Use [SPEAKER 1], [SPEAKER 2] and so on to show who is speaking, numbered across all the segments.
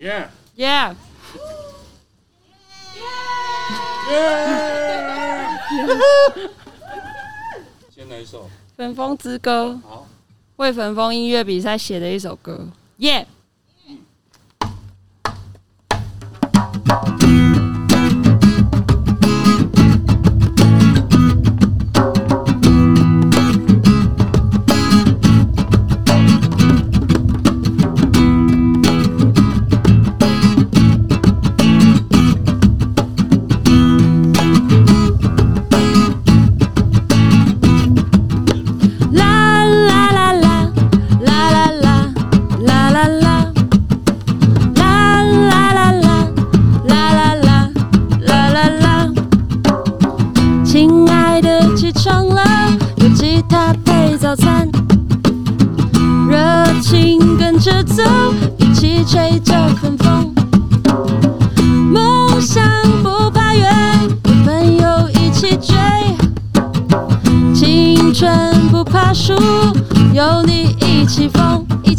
[SPEAKER 1] Yeah.
[SPEAKER 2] Yeah.
[SPEAKER 1] Yeah. Yeah. 哈哈。先來一首《焚風之歌》。好，為焚風音樂比賽寫的一首歌。Yeah.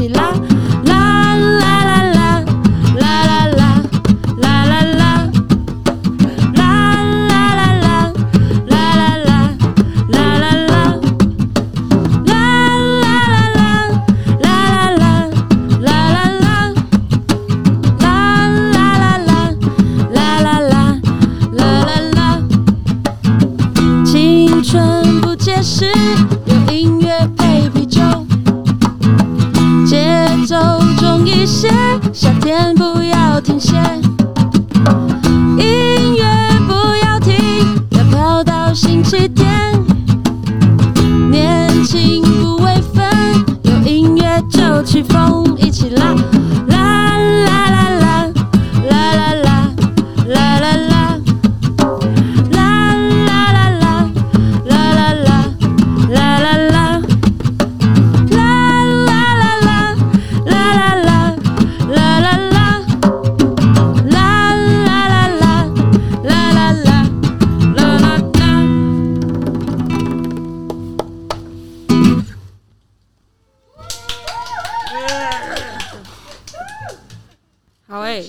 [SPEAKER 2] 起啦！夏天不要停歇。
[SPEAKER 1] 好誒，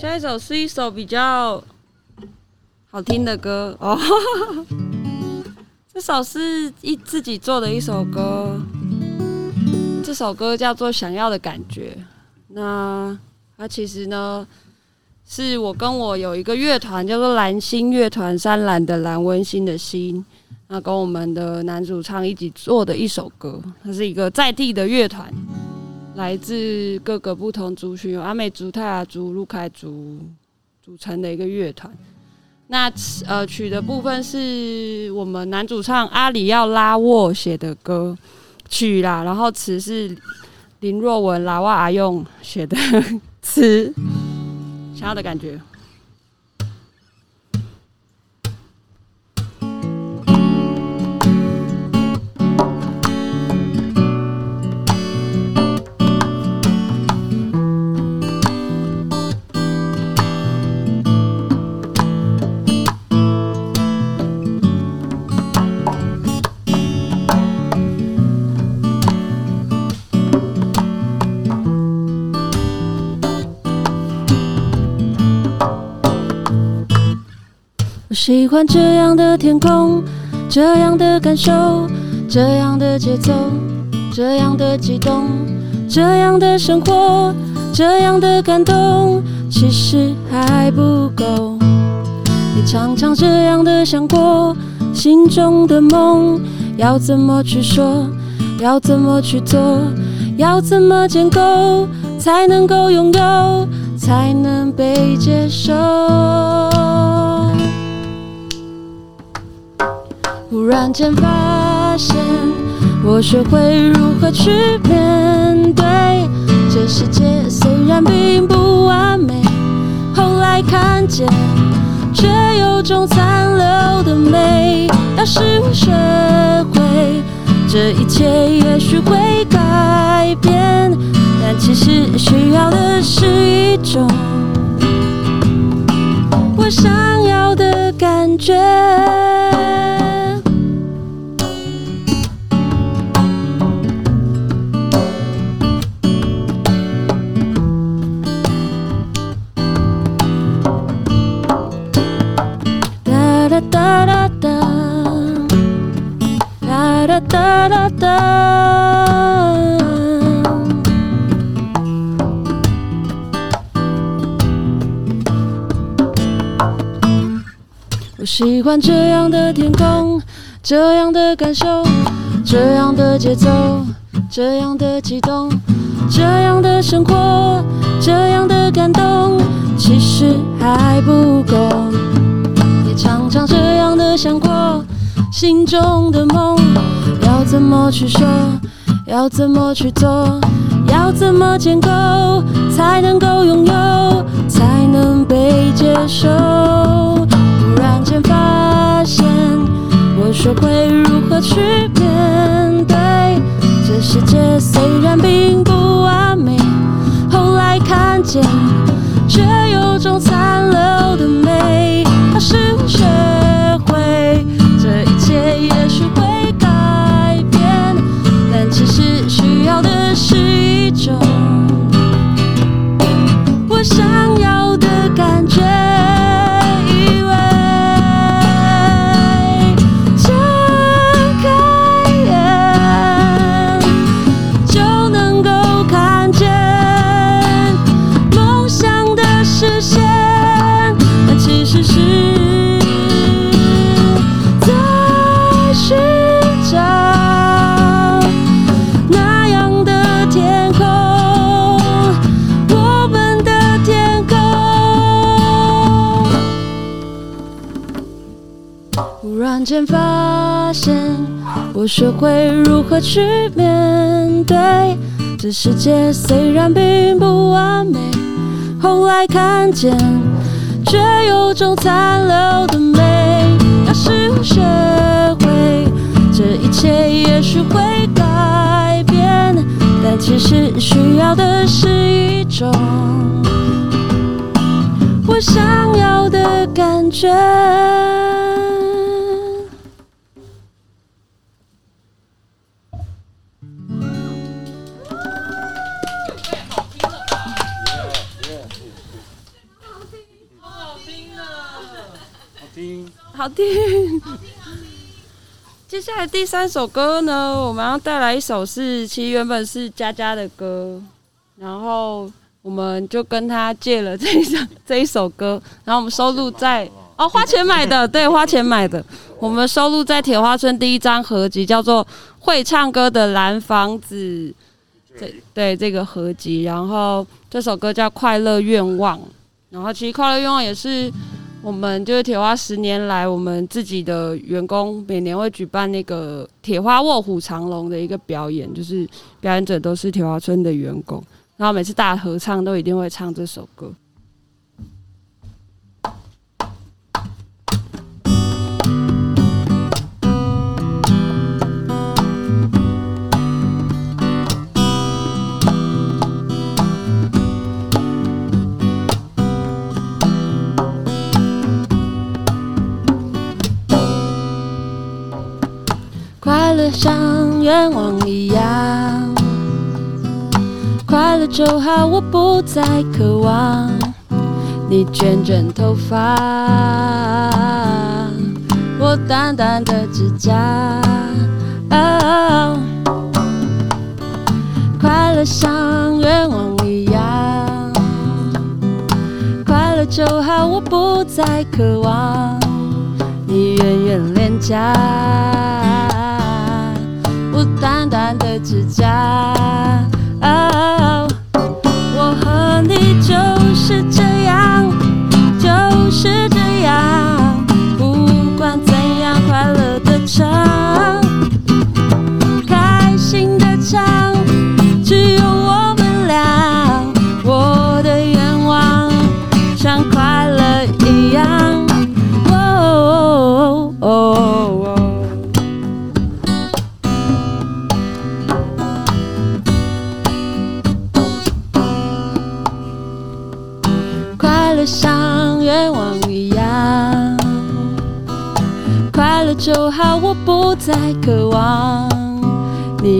[SPEAKER 1] 下一首是一首比較好聽的歌哦呵呵，這首是一自己做的一首歌。這首歌叫做《想要的感覺》，那它、啊、其實呢，是我跟我有一個樂團叫做嵐馨樂團，山嵐的嵐，星的星，溫馨的馨。那跟我們的男主唱一起做的一首歌，它是一個在地的樂團，來自各個不同族群，有阿美族、泰雅族、魯凱族組成的一個樂團。那呃，曲的部分是我們男主唱阿里要拉沃寫的歌曲啦，然後詞是林若文拉沃阿、啊、用寫的詞，想要的感覺。
[SPEAKER 2] 喜歡這樣的天空，這樣的感受，這樣的節奏，這樣的激動，這樣的生活，這樣的感動，其實還不夠。你常常這樣的想過，心中的夢，要怎麼去說，要怎麼去做，要怎麼建構，才能夠擁有，才能被接受。忽然間發現，我學會如何去面對這世界，雖然並不完美。後來看見，卻有種殘留的美。要是我學會這一切，也許會改變。但其實需要的是一種我想要的感覺。我喜歡這樣的天空，這樣的感受，這樣的節奏，這樣的激動，這樣的生活，這樣的感動，其實還不夠。也常常這樣的想過，心中的夢，要怎麼去說，要怎麼去做，要怎麼建構，才能夠擁有，才能被接受。發現我學會如何去面對這世界，雖然並不完美。後來看見。漸發現，我學會如何去面對這世界，雖然並不完美。後來看見，卻有種殘留的美。那時候學會，這一切也許會改變，但其實需要的是一種我想要的感覺。
[SPEAKER 1] 好聽，好聽，好聽，好聽。接下來第三首歌呢，我們要帶來一首是，其實原本是佳佳的歌，然後我們就跟他借了這一首這一首歌，然後我們收錄在花哦花錢買的， 對，花錢買的，我們收錄在鐵花村第一張合集，叫做《會唱歌的藍房子》這，這對這個合集，然後這首歌叫《快樂願望》，然後其實《快樂願望》也是。我們就是鐵花十年來，我們自己的員工每年會舉辦那個鐵花臥虎藏龍的一個表演，就是表演者都是鐵花村的員工，然後每次大合唱都一定會唱這首歌。
[SPEAKER 2] 願望一樣，快樂就好，我不再渴望你卷卷頭髮，我淡淡的指甲。快樂像願望一樣，快樂就好，我不再渴望你遠遠臉頰。短短的指甲。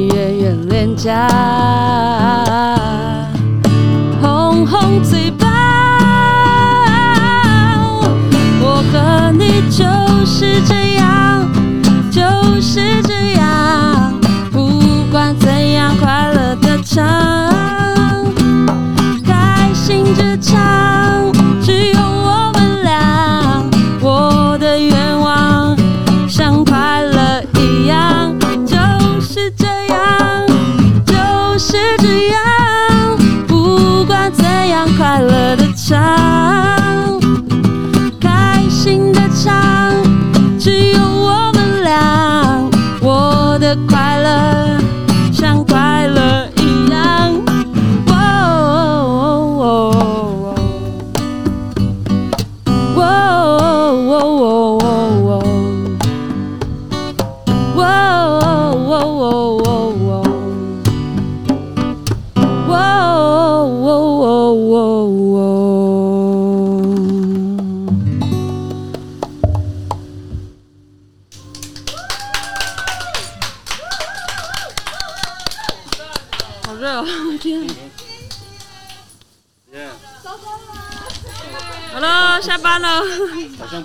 [SPEAKER 2] 圓圓臉頰，遠遠紅紅嘴巴，我和你就是這樣。的快樂。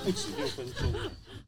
[SPEAKER 2] 不止六分鐘。